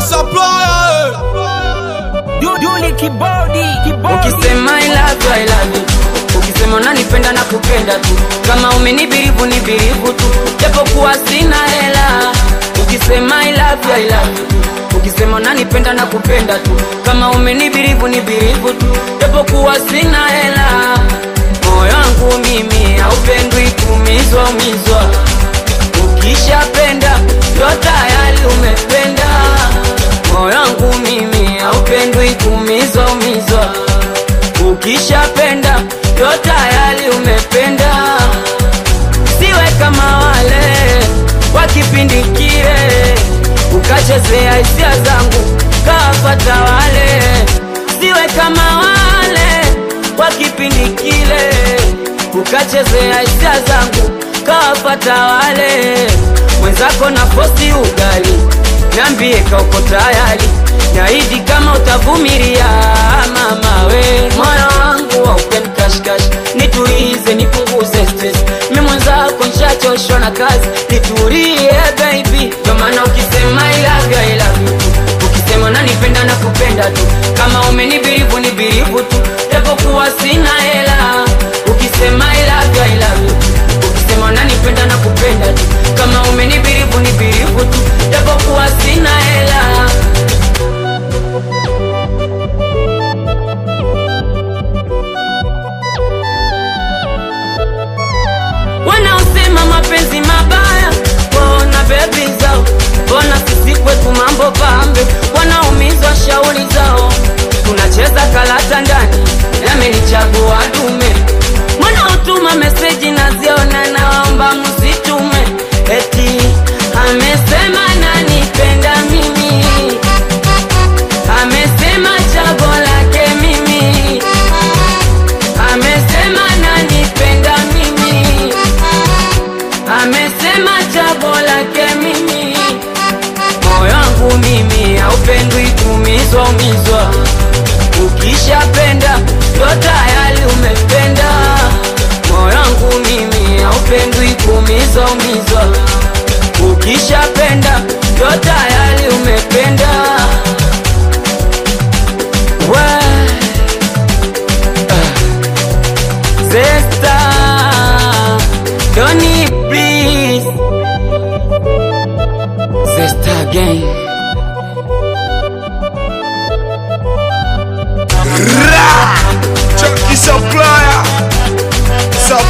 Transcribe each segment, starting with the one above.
Ukisema I love you, I love you. Ukisema unanipenda na kupenda tu, kama umenibirivu nibirivu tu, kuwa sina hela. Ukisema I love you, I love you. Ukisema unanipenda na kupenda tu, kama umenibirivu nibirivu tu, kuwa sina hela. Moyo wangu mimi haupendwi kumizwa umizwa upendwi kumizwa umizwa, ukishapenda yo tayari umependa. Siwe kama wale wa kipindi kile, ukachezea hisia zangu kawafata wale. Siwe kama wale wa kipindi kile, ukachezea hisia zangu kawapata wale. Mwenzako na posti ugali, nambie kauko tayari Jitahidi kama utavumilia mama we, moyo wangu wa open cash cash, nitulize nipunguze stress, mimi mwenzako nishachoshwa na kazi, nitulie baby, ndio maana ukisema I love you, I love you ukisema nanipenda na kupenda tu, kama umenibiribu nibiribu tu, japokuwa sina Mbona sisi kwetu mambo pambe wana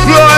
blood.